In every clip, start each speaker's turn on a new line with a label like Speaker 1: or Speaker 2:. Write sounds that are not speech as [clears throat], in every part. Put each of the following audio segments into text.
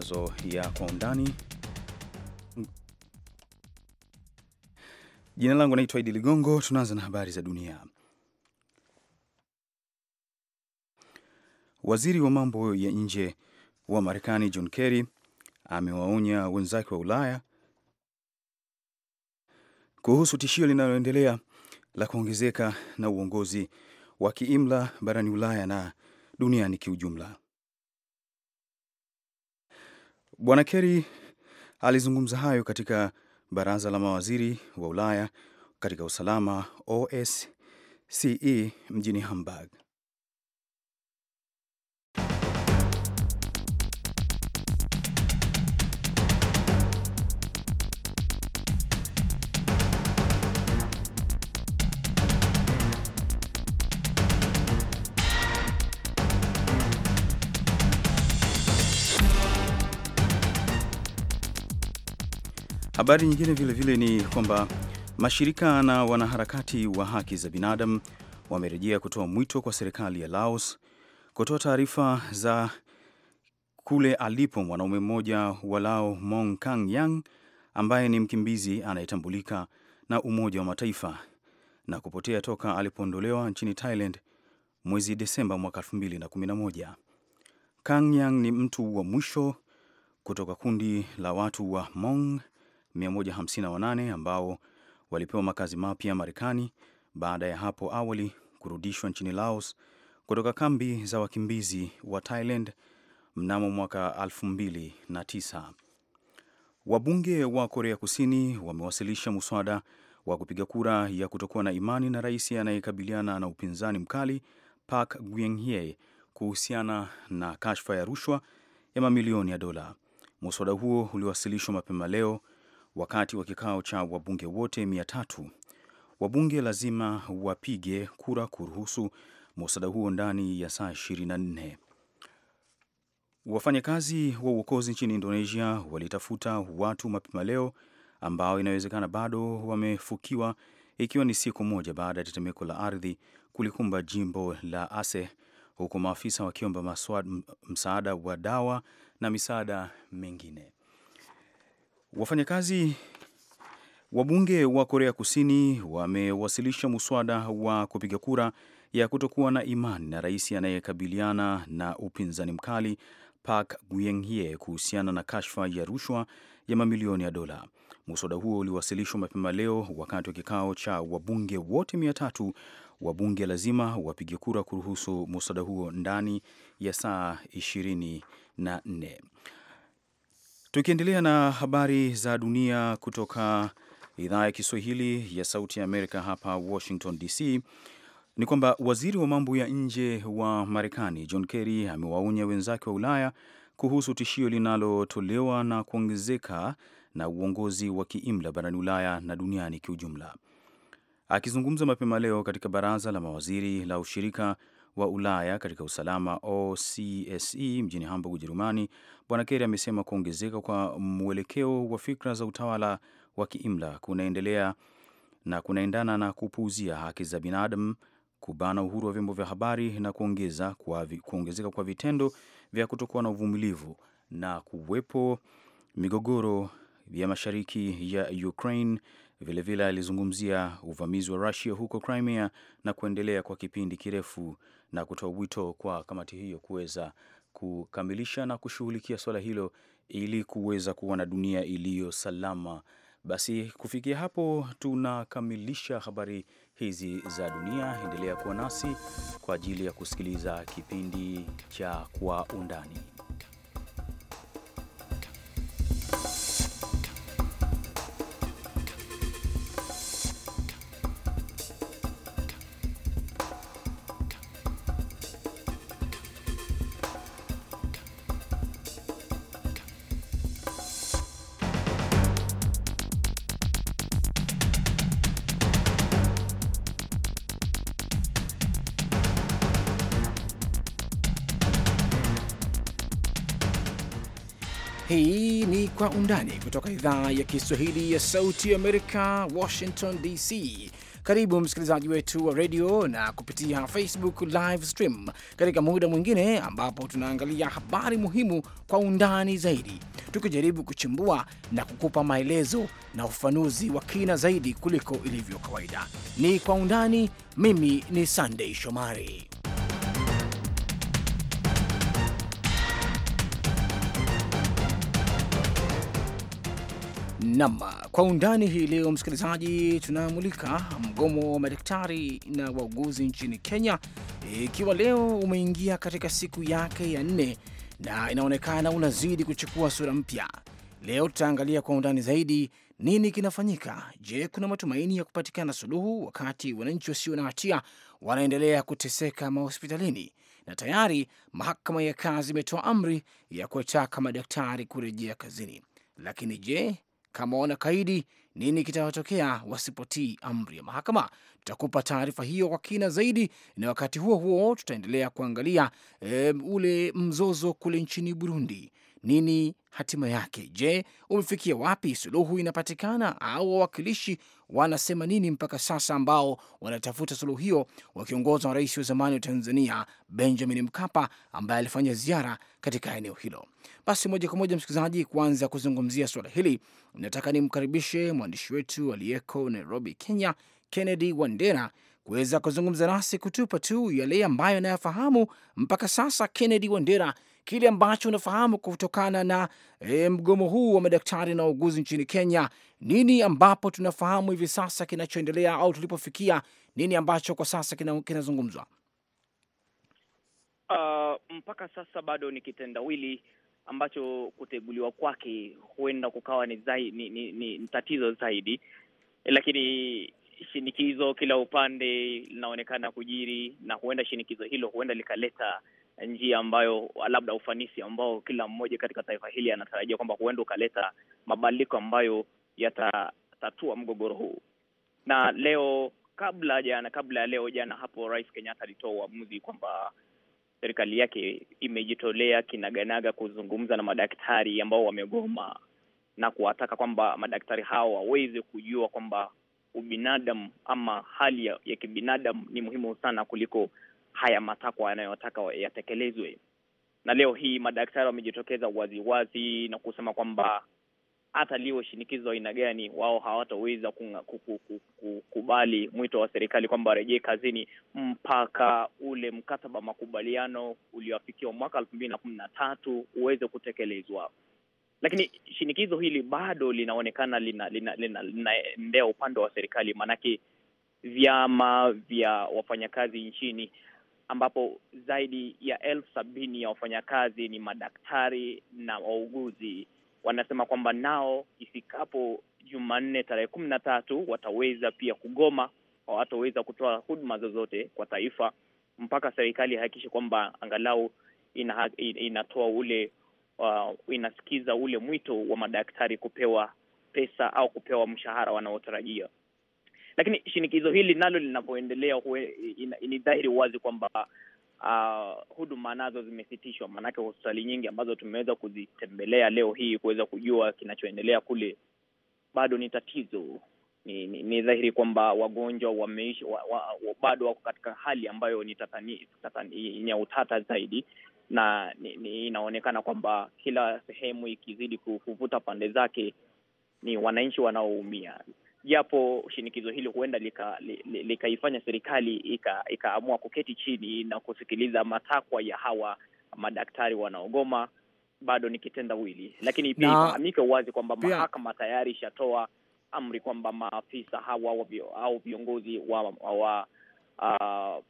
Speaker 1: matangazo ya kwa undani. Jina langu naitwa Idi Ligongo. Tunaanza na habari za dunia. Waziri wa mambo ya nje wa Marekani John Kerry amewaonya wenzake wa Ulaya kuhusu tishio linaloendelea la kuongezeka na uongozi wa kiimla barani Ulaya na duniani kiujumla. Bwana Kerry alizungumza hayo katika baraza la mawaziri wa Ulaya katika usalama OSCE mjini Hamburg. Habari nyingine vilevile vile ni kwamba mashirika na wanaharakati wa haki za binadamu wamerejea kutoa mwito kwa serikali ya Laos kutoa taarifa za kule alipo mwanaume mmoja wa Lao Mong Kang Yang ambaye ni mkimbizi anayetambulika na Umoja wa Mataifa na kupotea toka alipoondolewa nchini Thailand mwezi Desemba mwaka 2011. Kang Yang ni mtu wa mwisho kutoka kundi la watu wa Mong 158 ambao walipewa makazi mapya Marekani baada ya hapo awali kurudishwa nchini Laos kutoka kambi za wakimbizi wa Thailand mnamo mwaka 2009. Wabunge wa Korea Kusini wamewasilisha muswada wa kupiga kura ya kutokuwa na imani na rais anayekabiliana na upinzani mkali Park Geun-hye kuhusiana na kashfa ya rushwa ya mamilioni ya dola. Muswada huo uliowasilishwa mapema leo wakati wa kikao cha wabunge wote mia tatu wabunge lazima wapige kura kuruhusu musada huo ndani ya saa nne. Wafanyakazi wa uokozi nchini Indonesia walitafuta watu mapema leo ambao inawezekana bado wamefukiwa, ikiwa ni siku moja baada ya tetemeko la ardhi kulikumba jimbo la Aceh, huku maafisa wakiomba msaada wa dawa na misaada mingine. Wafanyakazi wabunge wa Korea Kusini wamewasilisha muswada wa kupiga kura ya kutokuwa na imani na rais anayekabiliana na upinzani mkali Park Geun-hye kuhusiana na kashfa ya rushwa ya mamilioni ya dola. Muswada huo uliwasilishwa mapema leo wakati wa kikao cha wabunge wote mia tatu. Wabunge lazima wapige kura kuruhusu muswada huo ndani ya saa 24. Tukiendelea na habari za dunia kutoka idhaa ya Kiswahili ya Sauti ya Amerika hapa Washington DC, ni kwamba waziri wa mambo ya nje wa Marekani John Kerry amewaonya wenzake wa Ulaya kuhusu tishio linalotolewa na kuongezeka na uongozi wa kiimla barani Ulaya na duniani kiujumla. Akizungumza mapema leo katika baraza la mawaziri la ushirika wa Ulaya katika usalama OCSE mjini Hamburg, Ujerumani, Bwana Kerry amesema kuongezeka kwa mwelekeo wa fikra za utawala wa kiimla kunaendelea na kunaendana na kupuuzia haki za binadamu, kubana uhuru wa vyombo vya habari na kuongeza kwa vi, kuongezeka kwa vitendo vya kutokuwa na uvumilivu na kuwepo migogoro ya mashariki ya Ukraine. Vilevile alizungumzia uvamizi wa Russia huko Crimea na kuendelea kwa kipindi kirefu na kutoa wito kwa kamati hiyo kuweza kukamilisha na kushughulikia swala hilo ili kuweza kuwa na dunia iliyo salama. Basi kufikia hapo tunakamilisha habari hizi za dunia. Endelea kuwa nasi kwa ajili ya kusikiliza kipindi cha Kwa Undani.
Speaker 2: Hii ni Kwa Undani kutoka idhaa ya Kiswahili ya Sauti Amerika, Washington DC. Karibu msikilizaji wetu wa redio na kupitia Facebook live stream katika muda mwingine ambapo tunaangalia habari muhimu kwa undani zaidi, tukijaribu kuchimbua na kukupa maelezo na ufafanuzi wa kina zaidi kuliko ilivyo kawaida. Ni Kwa Undani. Mimi ni Sandei Shomari. Nam kwa undani hii leo, msikilizaji, tunamulika mgomo wa madaktari na wauguzi nchini Kenya, ikiwa leo umeingia katika siku yake ya nne na inaonekana unazidi kuchukua sura mpya. Leo tutaangalia kwa undani zaidi nini kinafanyika. Je, kuna matumaini ya kupatikana suluhu wakati wananchi wasio na hatia wanaendelea kuteseka mahospitalini? Na tayari mahakama ya kazi imetoa amri ya kuwataka madaktari kurejea kazini, lakini je kama wanakaidi, nini kitawatokea wasipotii amri ya mahakama? Tutakupa taarifa hiyo kwa kina zaidi, na wakati huo huo tutaendelea kuangalia e, ule mzozo kule nchini Burundi nini hatima yake? Je, umefikia wapi? Suluhu inapatikana au wawakilishi wanasema nini mpaka sasa, ambao wanatafuta suluhu hiyo wakiongozwa na rais wa zamani wa Tanzania Benjamin Mkapa ambaye alifanya ziara katika eneo hilo. Basi moja kwa moja, msikilizaji, kuanza kuzungumzia suala hili, nataka nimkaribishe mwandishi wetu aliyeko Nairobi, Kenya, Kennedy Wandera kuweza kuzungumza nasi kutupa tu yale ambayo anayafahamu mpaka sasa. Kennedy Wandera, kile ambacho unafahamu kutokana na e, mgomo huu wa madaktari na wauguzi nchini Kenya. Nini ambapo tunafahamu hivi sasa kinachoendelea au tulipofikia, nini ambacho kwa sasa kinazungumzwa?
Speaker 3: Uh, mpaka sasa bado ni kitendawili ambacho kuteguliwa kwake huenda kukawa ni, zai, ni, ni, ni tatizo zaidi, lakini shinikizo kila upande linaonekana kujiri, na huenda shinikizo hilo huenda likaleta njia ambayo labda ufanisi ambao kila mmoja katika taifa hili anatarajia kwamba huenda ukaleta mabadiliko ambayo yatatatua mgogoro huu. Na leo kabla jana, kabla ya leo jana hapo, Rais Kenyatta alitoa uamuzi kwamba serikali yake imejitolea kinaganaga kuzungumza na madaktari ambao wamegoma na kuwataka kwamba madaktari hao waweze kujua kwamba ubinadamu ama hali ya, kibinadamu ni muhimu sana kuliko haya matakwa yanayotaka yatekelezwe. Na leo hii madaktari wamejitokeza waziwazi na kusema kwamba hata liwe shinikizo aina gani, wao hawataweza kukubali mwito wa serikali kwamba warejee kazini mpaka ule mkataba makubaliano ulioafikiwa mwaka elfu mbili na kumi na tatu uweze kutekelezwa. Lakini shinikizo hili bado linaonekana linaendea lina, lina, lina upande wa serikali, maanake vyama vya wafanyakazi nchini ambapo zaidi ya elfu sabini ya wafanyakazi ni madaktari na wauguzi wanasema kwamba nao ifikapo Jumanne tarehe kumi na tatu wataweza pia kugoma, hawataweza kutoa huduma zozote kwa taifa mpaka serikali ihakikishe kwamba angalau ina, inatoa ule uh, inasikiza ule mwito wa madaktari kupewa pesa au kupewa mshahara wanaotarajia. Lakini shinikizo hili nalo linapoendelea, ni dhahiri wazi kwamba uh, huduma nazo zimesitishwa, maanake hospitali nyingi ambazo tumeweza kuzitembelea leo hii kuweza kujua kinachoendelea kule bado ni tatizo. Ni, ni, ni dhahiri kwamba wagonjwa wameishi wa, wa, wa, bado wako katika hali ambayo ni yenye utata zaidi na ni, ni, inaonekana kwamba kila sehemu ikizidi kuvuta pande zake ni wananchi wanaoumia japo shinikizo hili huenda likaifanya lika, lika serikali ikaamua ika kuketi chini na kusikiliza matakwa ya hawa madaktari wanaogoma, bado ni kitendawili. Lakini pia ifahamike wazi kwamba mahakama tayari ishatoa amri kwamba maafisa hawa au viongozi wa, wa uh,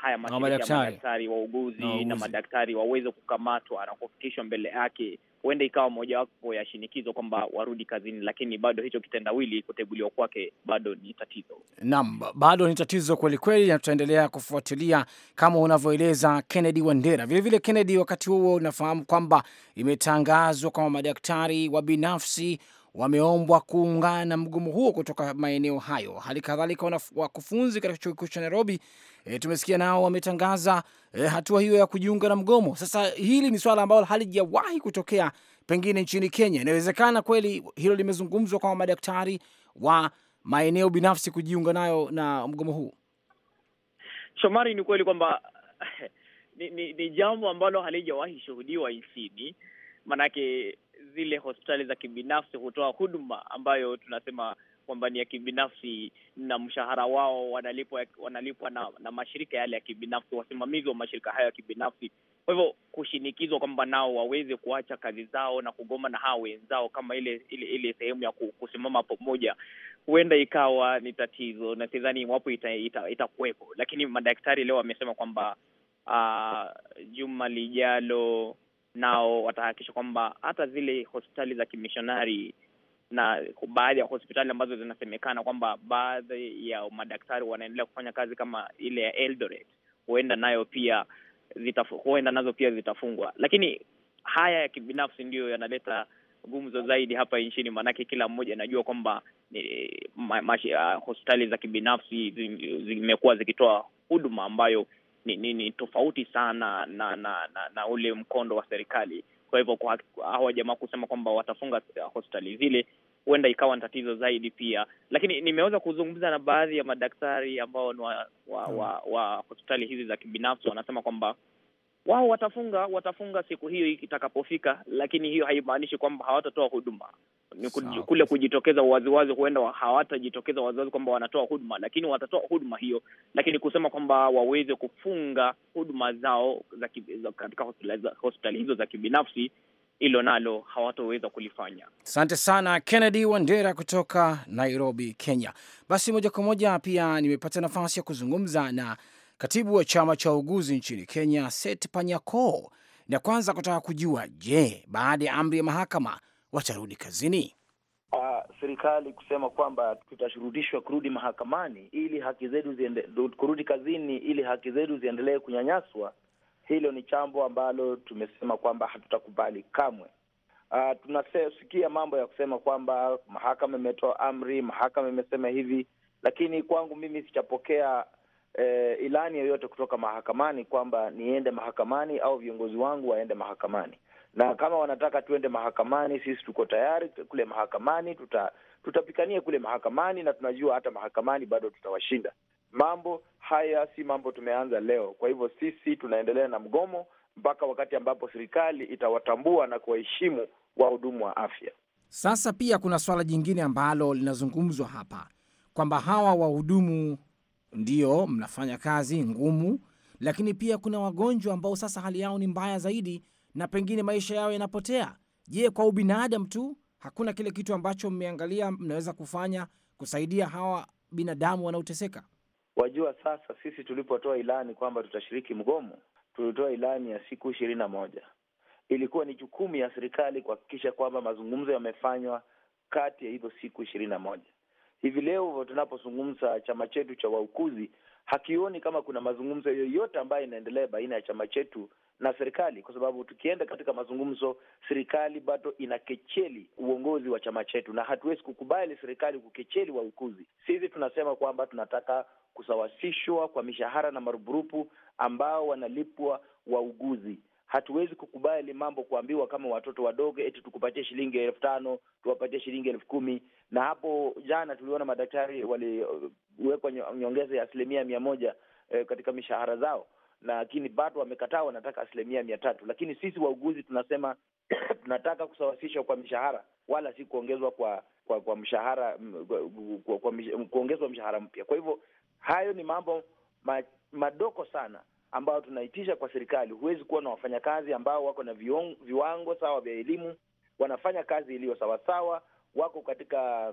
Speaker 3: haya madaktari wauguzi na madaktari waweze kukamatwa na kufikishwa mbele yake huenda ikawa mojawapo ya shinikizo kwamba warudi kazini, lakini bado hicho kitendawili kuteguliwa kwake bado ni tatizo.
Speaker 2: Naam, bado ni tatizo kwelikweli, na tutaendelea kufuatilia kama unavyoeleza Kennedy Wandera. Vilevile Kennedy, wakati huo unafahamu kwamba imetangazwa kwamba madaktari wa binafsi wameombwa kuungana na mgomo huo kutoka maeneo hayo. Hali kadhalika wakufunzi katika chuo kikuu cha Nairobi e, tumesikia nao wametangaza e, hatua hiyo ya kujiunga na mgomo. Sasa hili ni swala ambalo halijawahi kutokea pengine nchini Kenya. Inawezekana kweli hilo limezungumzwa kwa madaktari wa maeneo binafsi kujiunga nayo na mgomo huu.
Speaker 3: Shomari, ni kweli kwamba [laughs] ni, ni, ni jambo ambalo halijawahi shuhudiwa nchini, maanake zile hospitali za kibinafsi hutoa huduma ambayo tunasema kwamba ni ya kibinafsi na mshahara wao wanalipwa wanalipwa na, na mashirika yale ya kibinafsi, wasimamizi wa mashirika hayo ya kibinafsi. Kwa hivyo kushinikizwa kwamba nao waweze kuacha kazi zao na kugoma na hawa wenzao kama ile ile, ile sehemu ya kusimama pamoja, huenda ikawa ni tatizo, na sidhani iwapo itakuwepo ita, ita, lakini madaktari leo wamesema kwamba uh, juma lijalo nao watahakikisha kwamba hata zile hospitali za kimishonari na baadhi ya hospitali ambazo zinasemekana kwamba baadhi ya madaktari wanaendelea kufanya kazi kama ile ya Eldoret, huenda nayo pia huenda nazo pia zitafungwa. Lakini haya ya kibinafsi ndiyo yanaleta gumzo zaidi hapa nchini, maanake kila mmoja anajua kwamba e, hospitali za kibinafsi zimekuwa zikitoa huduma ambayo ni, ni, ni tofauti sana na na, na na ule mkondo wa serikali. Kwa hivyo kwa hawa jamaa kusema kwamba watafunga eh, hospitali zile huenda ikawa ni tatizo zaidi pia, lakini nimeweza kuzungumza na baadhi ya madaktari ambao ni wa, wa, wa, hmm. wa hospitali hizi za kibinafsi, wanasema kwamba wao watafunga watafunga siku hiyo itakapofika, lakini hiyo haimaanishi kwamba hawatatoa huduma.
Speaker 4: Ni kule
Speaker 3: kujitokeza waziwazi, huenda hawatajitokeza waziwazi kwamba wanatoa huduma, lakini watatoa huduma hiyo, lakini kusema kwamba waweze kufunga huduma zao katika hospitali hizo za kibinafsi, hilo nalo hawatoweza kulifanya.
Speaker 2: Asante sana Kennedy Wandera kutoka Nairobi, Kenya. Basi moja kwa moja pia nimepata nafasi ya kuzungumza na katibu wa chama cha uguzi nchini Kenya Seth Panyako, na kwanza kutaka kujua, je, baada ya amri ya mahakama watarudi kazini?
Speaker 5: Uh, serikali kusema kwamba tutashurutishwa kurudi mahakamani ili haki zetu ziende, kurudi kazini ili haki zetu ziendelee kunyanyaswa, hilo ni jambo ambalo tumesema kwamba hatutakubali kamwe. Uh, tunasikia mambo ya kusema kwamba mahakama imetoa amri, mahakama imesema hivi, lakini kwangu mimi sijapokea eh, ilani yoyote kutoka mahakamani kwamba niende mahakamani au viongozi wangu waende mahakamani, na kama wanataka tuende mahakamani, sisi tuko tayari kule mahakamani, tuta tutapikania kule mahakamani, na tunajua hata mahakamani bado tutawashinda. Mambo haya si mambo tumeanza leo. Kwa hivyo sisi tunaendelea na mgomo mpaka wakati ambapo serikali itawatambua na kuwaheshimu wahudumu wa afya.
Speaker 2: Sasa pia kuna swala jingine ambalo linazungumzwa hapa kwamba hawa wahudumu Ndiyo, mnafanya kazi ngumu, lakini pia kuna wagonjwa ambao sasa hali yao ni mbaya zaidi na pengine maisha yao yanapotea. Je, kwa ubinadamu tu hakuna kile kitu ambacho mmeangalia mnaweza kufanya kusaidia hawa binadamu wanaoteseka?
Speaker 5: Wajua, sasa sisi tulipotoa ilani kwamba tutashiriki mgomo, tulitoa ilani ya siku ishirini na moja. Ilikuwa ni jukumu ya serikali kuhakikisha kwamba mazungumzo yamefanywa kati ya hizo siku ishirini na moja. Hivi leo tunapozungumza, chama chetu cha waukuzi hakioni kama kuna mazungumzo yoyote ambayo inaendelea baina ya chama chetu na serikali, kwa sababu tukienda katika mazungumzo, serikali bado inakecheli uongozi wa chama chetu, na hatuwezi kukubali serikali kukecheli waukuzi Sisi tunasema kwamba tunataka kusawasishwa kwa mishahara na marupurupu ambao wanalipwa wauguzi. Hatuwezi kukubali mambo kuambiwa kama watoto wadogo, eti tukupatie shilingi elfu tano tuwapatie shilingi elfu kumi Na hapo jana tuliona madaktari waliwekwa nyongeza ya asilimia mia moja eh, katika mishahara zao, lakini bado wamekataa, wanataka asilimia mia tatu Lakini sisi wauguzi tunasema [clears throat] tunataka kusawasishwa kwa mishahara, wala si kuongezwa kwa kwa kwa mshahara kuongezwa mshahara mpya. Kwa hivyo hayo ni mambo ma, madoko sana ambao tunaitisha kwa serikali, huwezi kuwa na wafanyakazi ambao wako na viwango, viwango sawa vya elimu, wanafanya kazi iliyo sawasawa, wako katika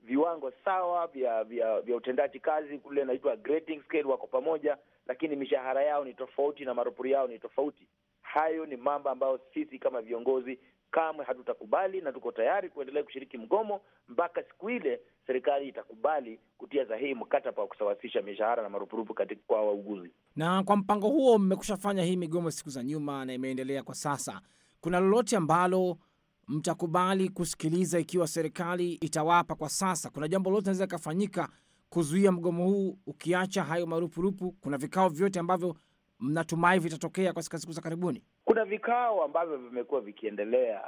Speaker 5: viwango sawa vya vya vya utendaji kazi, kule inaitwa grading scale, wako pamoja, lakini mishahara yao ni tofauti na marupuri yao ni tofauti. Hayo ni mambo ambayo sisi kama viongozi kamwe hatutakubali na tuko tayari kuendelea kushiriki mgomo mpaka siku ile serikali itakubali kutia sahihi mkataba wa kusawasisha mishahara na marupurupu kwa wauguzi.
Speaker 2: Na kwa mpango huo mmekushafanya hii migomo siku za nyuma na imeendelea kwa sasa, kuna lolote ambalo mtakubali kusikiliza ikiwa serikali itawapa kwa sasa? Kuna jambo lolote naweza ikafanyika kuzuia mgomo huu, ukiacha hayo marupurupu? Kuna vikao vyote ambavyo mnatumai vitatokea sika siku za karibuni?
Speaker 5: Kuna vikao ambavyo vimekuwa vikiendelea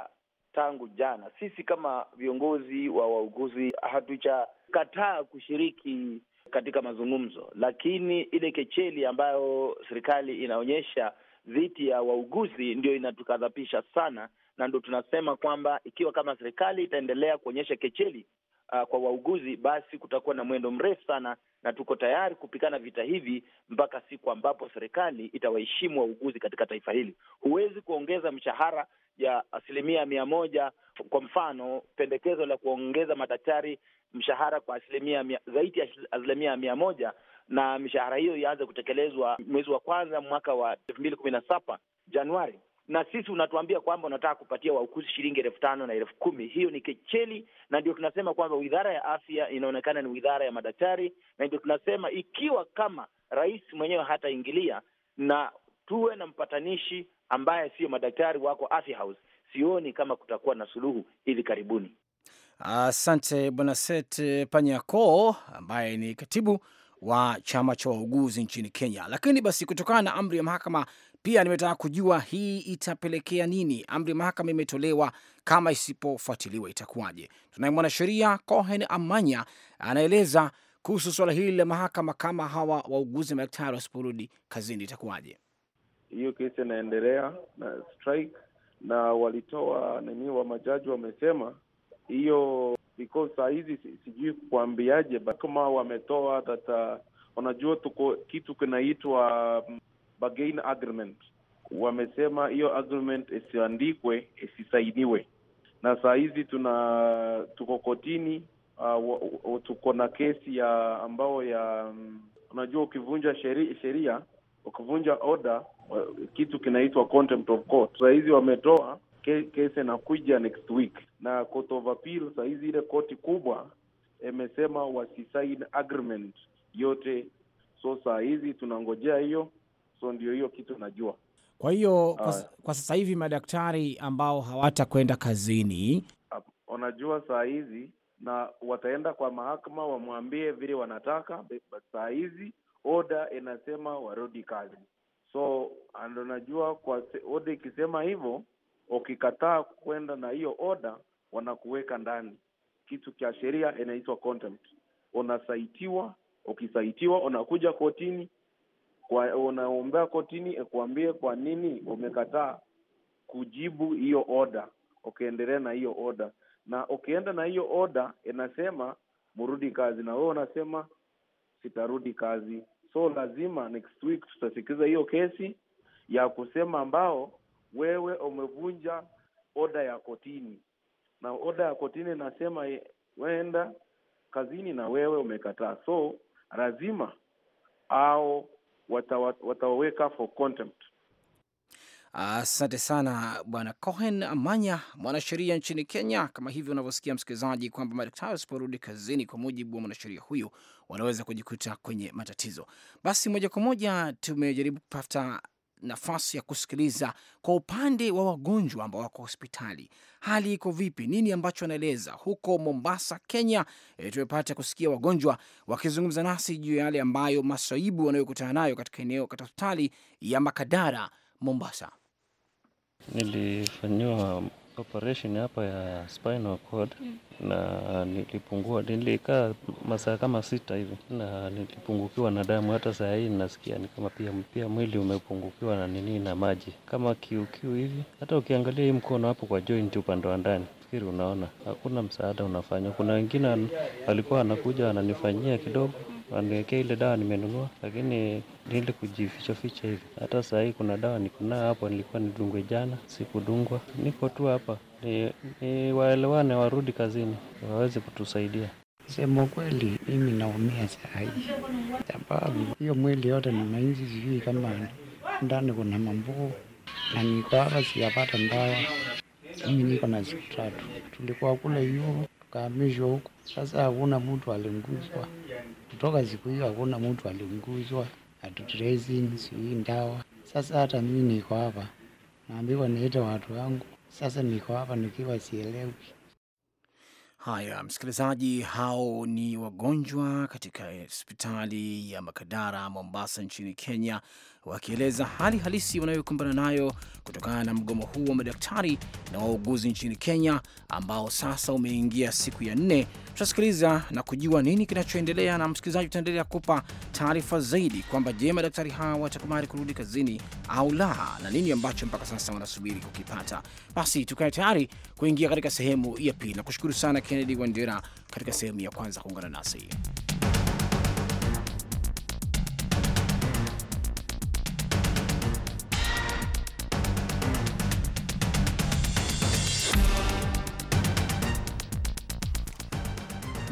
Speaker 5: tangu jana. Sisi kama viongozi wa wauguzi hatujakataa kushiriki katika mazungumzo, lakini ile kecheli ambayo serikali inaonyesha dhidi ya wauguzi ndio inatukadhapisha sana, na ndo tunasema kwamba ikiwa kama serikali itaendelea kuonyesha kecheli uh, kwa wauguzi, basi kutakuwa na mwendo mrefu sana, na tuko tayari kupigana vita hivi mpaka siku ambapo serikali itawaheshimu wauguzi katika taifa hili. Huwezi kuongeza mshahara ya asilimia mia moja. Kwa mfano, pendekezo la kuongeza madaktari mshahara kwa asilimia zaidi ya asilimia mia moja na mishahara hiyo ianze kutekelezwa mwezi wa kwanza mwaka wa elfu mbili kumi na saba Januari na sisi unatuambia kwamba unataka kupatia wauguzi shilingi elfu tano na elfu kumi Hiyo ni kecheli, na ndio tunasema kwamba wizara ya afya inaonekana ni wizara ya madaktari, na ndio tunasema ikiwa kama rais mwenyewe hataingilia na tuwe na mpatanishi ambaye sio madaktari wako Afya House, sioni kama kutakuwa na suluhu hivi karibuni.
Speaker 2: Asante bwana Set Panyako, ambaye ni katibu wa chama cha wauguzi nchini Kenya. Lakini basi kutokana na amri ya mahakama pia nimetaka kujua hii itapelekea nini? Amri ya mahakama imetolewa, kama isipofuatiliwa itakuwaje? Tunaye mwanasheria Cohen Amanya anaeleza kuhusu suala hili la mahakama, kama hawa wauguzi madaktari wasiporudi kazini itakuwaje?
Speaker 6: Hiyo kesi inaendelea na strike, na walitoa nini, wa majaji wamesema hiyo because saa hizi sijui kuambiaje, kama wametoa tata, unajua uh, tuko kitu kinaitwa um, bargain agreement. Wamesema hiyo agreement isiandikwe
Speaker 3: isisainiwe,
Speaker 6: na saa hizi tuna tuko kotini uh, tuko na kesi ya ambao ya um, unajua, ukivunja sheria ukivunja order uh, kitu kinaitwa contempt of court. Saa hizi wametoa kesi inakuja next week, na court of appeal hizi ile koti kubwa imesema wasisign agreement yote, so saa hizi tunangojea hiyo, so ndio hiyo kitu najua.
Speaker 2: Kwa hiyo kwa, ah. sasa hivi madaktari ambao hawatakwenda kazini
Speaker 6: wanajua saa hizi na wataenda kwa mahakama wamwambie vile wanataka. Saa hizi oda inasema warudi kazi, so ndo najua kwa oda ikisema hivyo ukikataa kwenda na hiyo oda, wanakuweka ndani. Kitu cha sheria inaitwa contempt. Unasaitiwa, ukisaitiwa unakuja kotini kwa, unaombea kotini ikuambie kwa nini umekataa kujibu hiyo oda, ukiendelea na hiyo oda. Na ukienda na hiyo oda inasema murudi kazi, na wewe unasema sitarudi kazi. So lazima next week tutasikiza hiyo kesi ya kusema ambao wewe umevunja oda ya kotini, na oda ya kotini inasema wenda kazini na wewe umekataa, so lazima au watawaweka for contempt.
Speaker 2: Asante sana Bwana Cohen Amanya, mwanasheria nchini Kenya. Kama hivyo unavyosikia msikilizaji, kwamba madaktari wasiporudi kazini, kwa mujibu wa mwanasheria huyu, wanaweza kujikuta kwenye matatizo. Basi moja kwa moja tumejaribu kupata nafasi ya kusikiliza kwa upande wa wagonjwa ambao wako hospitali, hali iko vipi? Nini ambacho wanaeleza huko Mombasa, Kenya? E, tumepata kusikia wagonjwa wakizungumza nasi juu ya yale ambayo masaibu wanayokutana nayo katika eneo katika hospitali ya Makadara Mombasa.
Speaker 1: Nilifanyiwa operation hapa ya spinal cord mm. na nilipungua, nilikaa masaa kama sita hivi na nilipungukiwa na damu. Hata saa hii nasikia ni kama pia, pia mwili umepungukiwa na nini na maji kama kiukiu hivi. Hata ukiangalia hii mkono hapo kwa joint upande wa ndani fikiri unaona hakuna msaada unafanya. Kuna wengine walikuwa anakuja ananifanyia kidogo Wangekea ile dawa nimenunua lakini niende kujificha ficha hivi. Hata saa hii kuna dawa niko nayo hapo nilikuwa nidungwe jana, sikudungwa. Niko
Speaker 4: tu hapa ni, ni waelewane warudi kazini waweze kutusaidia.
Speaker 5: Sema kweli, mimi naumia sahi, sababu hiyo mwili yote ninaizi, sijui kama ndani kuna mambuu na niko hapa ndawa. Mimi niko na siku tatu, tulikuwa kule yuo tukahamishwa huko. Sasa hakuna mtu alinguzwa Kutoka siku hiyo hakuna mtu alinguzwa atutracing, sijui ndawa. Sasa hata mimi niko hapa, naambiwa niite watu wangu. Sasa niko hapa nikiwa sielewi.
Speaker 2: Haya, msikilizaji, hao ni wagonjwa katika hospitali ya Makadara, Mombasa, nchini Kenya wakieleza hali halisi wanayokumbana nayo kutokana na mgomo huu wa madaktari na wauguzi nchini Kenya ambao sasa umeingia siku ya nne. Tutasikiliza na kujua nini kinachoendelea, na msikilizaji, utaendelea kupa taarifa zaidi kwamba je, madaktari hawa watakumari kurudi kazini au la, na nini ambacho mpaka sasa wanasubiri kukipata. Basi tukae tayari kuingia katika sehemu ya pili, na kushukuru sana Kennedy Wandera katika sehemu ya kwanza kuungana nasi.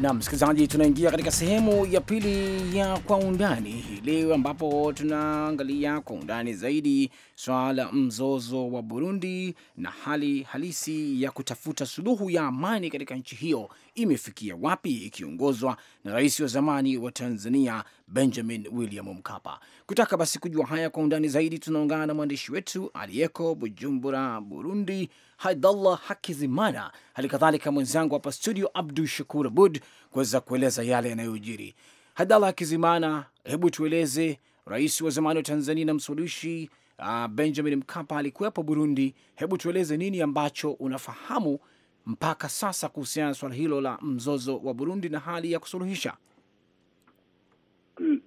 Speaker 2: Na msikilizaji, tunaingia katika sehemu ya pili ya kwa undani hii leo, ambapo tunaangalia kwa undani zaidi swala la mzozo wa Burundi na hali halisi ya kutafuta suluhu ya amani katika nchi hiyo imefikia wapi, ikiongozwa na rais wa zamani wa Tanzania Benjamin William Mkapa. Kutaka basi kujua haya kwa undani zaidi, tunaungana na mwandishi wetu aliyeko Bujumbura, Burundi, Haidallah Hakizimana, hali kadhalika mwenzangu hapa studio Abdu Shakur Abud kuweza kueleza yale yanayojiri. Haidallah Hakizimana, hebu tueleze, rais wa zamani wa Tanzania na msuluhishi uh, Benjamin Mkapa alikuwepo Burundi. Hebu tueleze nini ambacho unafahamu mpaka sasa kuhusiana na suala hilo la mzozo wa Burundi na hali ya kusuluhisha.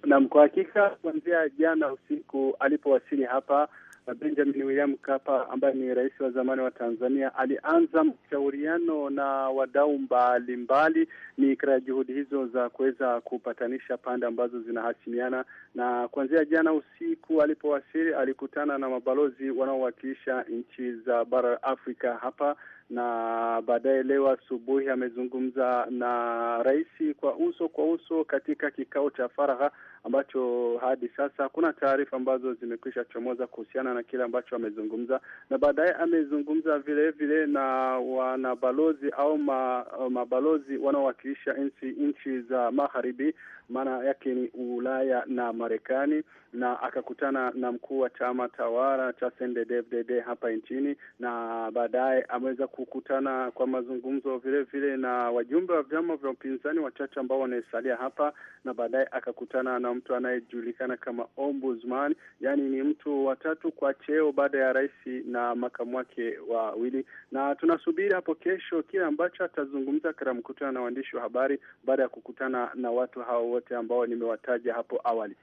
Speaker 4: Naam, kwa hakika kuanzia jana usiku alipowasili hapa Uh, Benjamin William Mkapa ambaye ni rais wa zamani wa Tanzania alianza mashauriano na wadau mbalimbali. Ni katika juhudi hizo za kuweza kupatanisha pande ambazo zinahasimiana, na kuanzia jana usiku alipowasili alikutana na mabalozi wanaowakilisha nchi za bara la Afrika hapa na baadaye leo asubuhi amezungumza na rais kwa uso kwa uso katika kikao cha faragha ambacho hadi sasa kuna taarifa ambazo zimekwisha chomoza kuhusiana na kile ambacho amezungumza, na baadaye amezungumza vile vile na wanabalozi au mabalozi wanaowakilisha nchi za magharibi maana yake ni Ulaya na Marekani, na akakutana na mkuu wa chama tawala cha CNDD-FDD hapa nchini, na baadaye ameweza kukutana kwa mazungumzo vile vile na wajumbe wa vyama vya upinzani wachache ambao wanaesalia hapa, na baadaye akakutana na mtu anayejulikana kama ombudsman, yani ni mtu watatu kwa cheo baada ya rais na makamu wake wawili, na tunasubiri hapo kesho kile ambacho atazungumza katika mkutano na waandishi wa habari baada ya kukutana na watu hao wote ambao nimewataja hapo awali.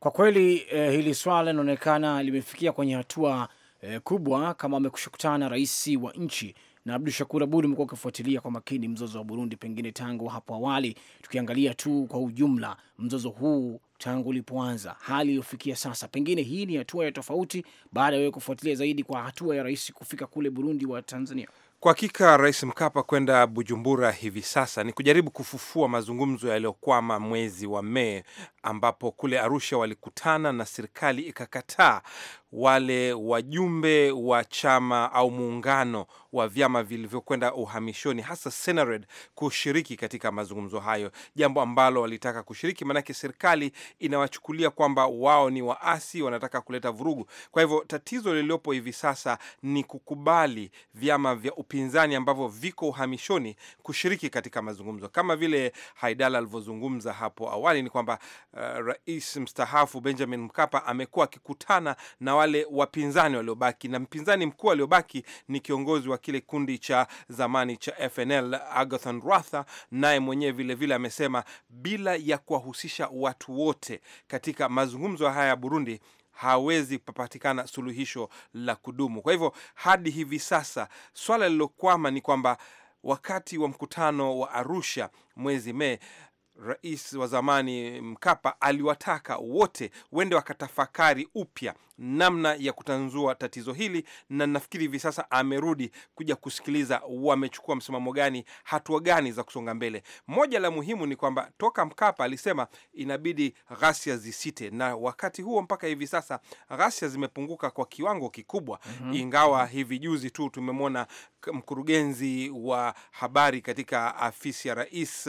Speaker 2: Kwa kweli eh, hili swala linaonekana limefikia kwenye hatua eh, kubwa, kama amekusha kutana rais wa nchi na Abdu Shakur Abud, umekuwa ukifuatilia kwa makini mzozo wa Burundi, pengine tangu hapo awali, tukiangalia tu kwa ujumla mzozo huu tangu ulipoanza hali iliyofikia sasa, pengine hii ni hatua ya tofauti, baada ya wewe kufuatilia zaidi kwa hatua ya rais kufika kule Burundi wa
Speaker 7: Tanzania. Kwa hakika Rais Mkapa kwenda Bujumbura hivi sasa ni kujaribu kufufua mazungumzo yaliyokwama mwezi wa Mei, ambapo kule Arusha walikutana na serikali ikakataa wale wajumbe wa chama au muungano wa vyama vilivyokwenda uhamishoni hasa Senared kushiriki katika mazungumzo hayo, jambo ambalo walitaka kushiriki, maanake serikali inawachukulia kwamba wao ni waasi, wanataka kuleta vurugu. Kwa hivyo tatizo lililopo hivi sasa ni kukubali vyama vya upinzani ambavyo viko uhamishoni kushiriki katika mazungumzo, kama vile Haidala alivyozungumza hapo awali, ni kwamba uh, rais mstahafu Benjamin Mkapa amekuwa akikutana na wale wapinzani waliobaki, na mpinzani mkuu aliobaki ni kiongozi wa kile kundi cha zamani cha FNL Agathon Rwatha, naye mwenyewe vilevile amesema bila ya kuwahusisha watu wote katika mazungumzo haya ya Burundi hawezi kupatikana suluhisho la kudumu. Kwa hivyo hadi hivi sasa swala lililokwama ni kwamba wakati wa mkutano wa Arusha mwezi Mei, Rais wa zamani Mkapa aliwataka wote wende wakatafakari upya namna ya kutanzua tatizo hili, na nafikiri hivi sasa amerudi kuja kusikiliza wamechukua msimamo gani, hatua gani za kusonga mbele. Moja la muhimu ni kwamba toka Mkapa alisema inabidi ghasia zisite, na wakati huo mpaka hivi sasa ghasia zimepunguka kwa kiwango kikubwa, mm -hmm. ingawa hivi juzi tu tumemwona mkurugenzi wa habari katika afisi ya rais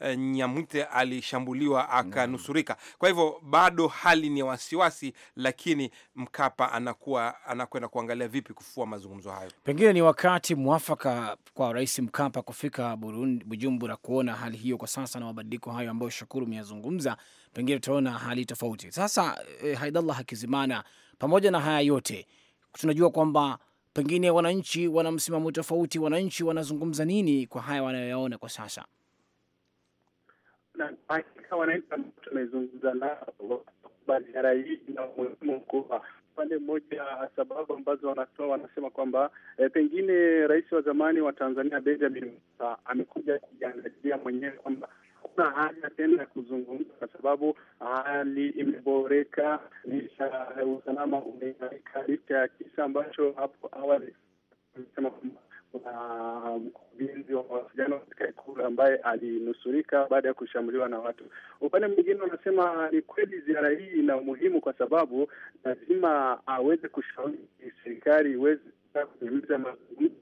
Speaker 7: eh, Nyamwite alishambuliwa akanusurika. Kwa hivyo bado hali ni wasiwasi, lakini Mkapa anakuwa anakwenda kuangalia vipi kufua mazungumzo hayo.
Speaker 2: Pengine ni wakati mwafaka kwa Rais Mkapa kufika Burundi, Bujumbura, kuona hali hiyo kwa sasa na mabadiliko hayo ambayo Shukuru umeyazungumza, pengine tutaona hali tofauti sasa. Eh, Haidallah Hakizimana, pamoja na haya yote tunajua kwamba pengine wananchi wana msimamo tofauti, wananchi wanazungumza nini kwa haya wanayoyaona kwa sasa?
Speaker 4: Na hakika wananchi ambao tumezungumza nao ziara hii umuhimu mkubwa pande mmoja, sababu ambazo wanatoa wanasema kwamba e, pengine rais wa zamani wa Tanzania Benjamin Mkapa amekuja kujiangazia mwenyewe kwamba hakuna haja tena ya kuzungumza, kwa sababu hali imeboreka, licha usalama umeimarika, licha ya kisa ambacho hapo awali sema kwamba kuna uh, mkurugenzi wa mawasiliano katika ikulu ambaye alinusurika baada ya kushambuliwa na watu. Upande mwingine wanasema ni kweli ziara hii ina umuhimu, kwa sababu lazima aweze kushauri serikali iweze kutimiza mazungumzo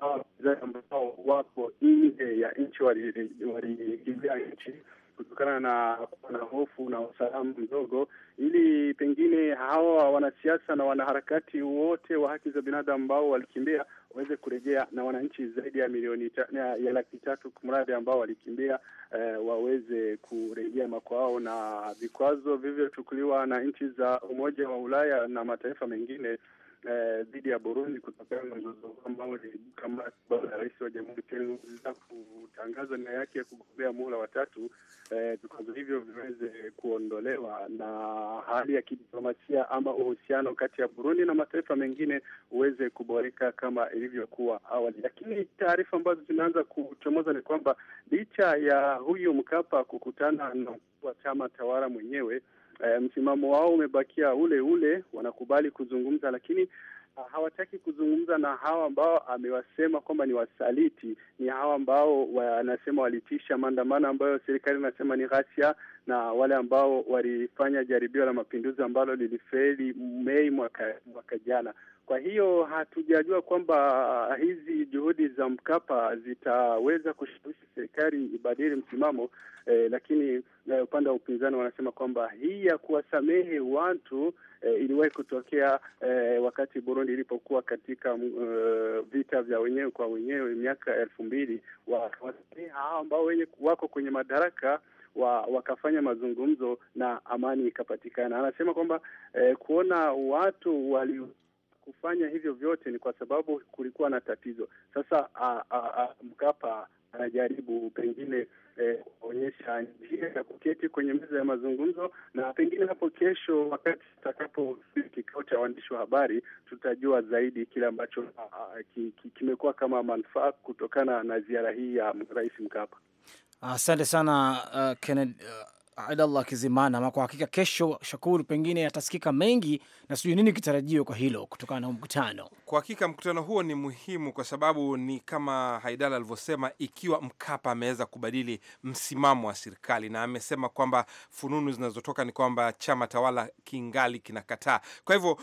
Speaker 4: hawa ambao wako nje ya nchi walikimbia nchi kutokana na kuwa na hofu na usalama mdogo, ili pengine hawa wanasiasa na wanaharakati wote wa haki za binadamu ambao walikimbia waweze kurejea na wananchi zaidi ya milioni ya laki tatu kumradi ambao walikimbia eh, waweze kurejea makwao, na vikwazo vilivyochukuliwa na nchi za Umoja wa Ulaya na mataifa mengine Eh, dhidi ya Burundi kutokana na mzozo ambao uliibuka mara baada ya rais wa jamhuri Pierre Nkurunziza kutangaza nia yake ya kugombea muhula watatu, eh, vikwazo hivyo viweze kuondolewa na hali ya kidiplomasia ama uhusiano kati ya Burundi na mataifa mengine uweze kuboreka kama ilivyokuwa awali. Lakini taarifa ambazo zinaanza kuchomoza ni kwamba licha ya huyu Mkapa kukutana na wa chama tawala mwenyewe e, msimamo wao umebakia ule ule, wanakubali kuzungumza, lakini ah, hawataki kuzungumza na hawa ambao amewasema kwamba ni wasaliti, ni hawa ambao wanasema walitisha maandamano ambayo serikali inasema ni ghasia, na wale ambao walifanya jaribio la mapinduzi ambalo lilifeli Mei mwaka, mwaka jana. Kwa hiyo hatujajua kwamba hizi juhudi za Mkapa zitaweza kushawishi serikali ibadili msimamo eh, lakini eh, upande wa upinzani wanasema kwamba hii ya kuwasamehe watu eh, iliwahi kutokea eh, wakati Burundi ilipokuwa katika mm, eh, vita vya wenyewe kwa wenyewe miaka elfu mbili wakawasamehe hao ambao wenye wako kwenye madaraka wa, wakafanya mazungumzo na amani ikapatikana. Anasema kwamba eh, kuona watu walio kufanya hivyo vyote ni kwa sababu kulikuwa na tatizo. Sasa a, a, a, Mkapa anajaribu pengine e, kuonyesha e, njia ya kuketi kwenye meza ya mazungumzo, na pengine hapo kesho, wakati tutakapo kikao cha waandishi wa habari, tutajua zaidi kile ambacho ki, ki, kimekuwa kama manufaa kutokana na ziara hii ya Rais Mkapa.
Speaker 2: Asante sana uh, Kenneth, uh... Abdallah Kizimana. Ama kwa hakika kesho, Shakuru, pengine yatasikika mengi na sijui nini kitarajiwa kwa hilo kutokana na mkutano.
Speaker 7: Kwa hakika mkutano huo ni muhimu kwa sababu ni kama Haidala alivyosema, ikiwa Mkapa ameweza kubadili msimamo wa serikali, na amesema kwamba fununu zinazotoka ni kwamba chama tawala kingali kinakataa, kwa hivyo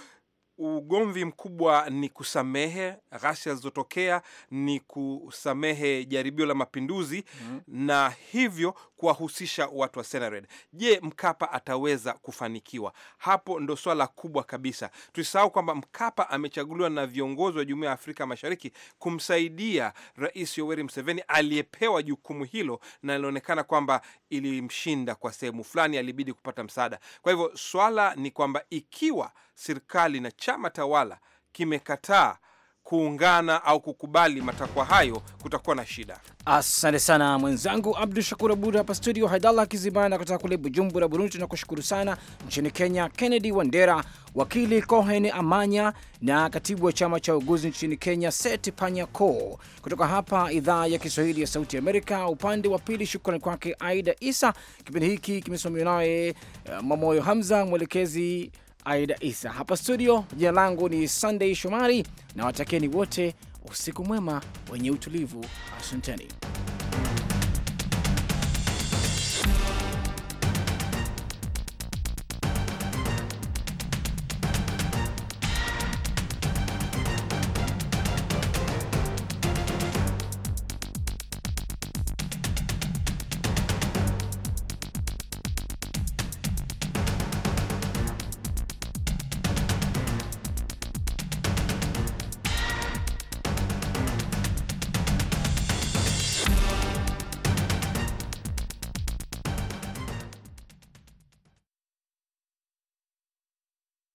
Speaker 7: ugomvi mkubwa ni kusamehe ghasia zilizotokea, ni kusamehe jaribio la mapinduzi mm -hmm. na hivyo kuwahusisha watu wa Senared. Je, Mkapa ataweza kufanikiwa? Hapo ndo swala kubwa kabisa. Tusisahau kwamba Mkapa amechaguliwa na viongozi wa Jumuiya ya Afrika Mashariki kumsaidia Rais Yoweri Museveni aliyepewa jukumu hilo, na ilionekana kwamba ilimshinda kwa sehemu fulani, alibidi kupata msaada. Kwa hivyo swala ni kwamba ikiwa serikali na chama tawala kimekataa kuungana au kukubali matakwa hayo, kutakuwa na shida.
Speaker 2: Asante sana mwenzangu Abdu Shakur Abud hapa studio. Haidala Kizimana kutoka kule Bujumbura, Burundi, tunakushukuru sana. Nchini Kenya, Kennedy Wandera, wakili Cohen Amanya na katibu wa chama cha uguzi nchini Kenya, Seth Panyako. Kutoka hapa idhaa ya Kiswahili ya Sauti Amerika, upande wa pili, shukrani kwake Aida Isa. Kipindi hiki kimesomiwa naye eh, Mamoyo Hamza, mwelekezi Aida Isa hapa studio. Jina langu ni Sunday Shomari na watakieni wote usiku mwema wenye utulivu. Asanteni.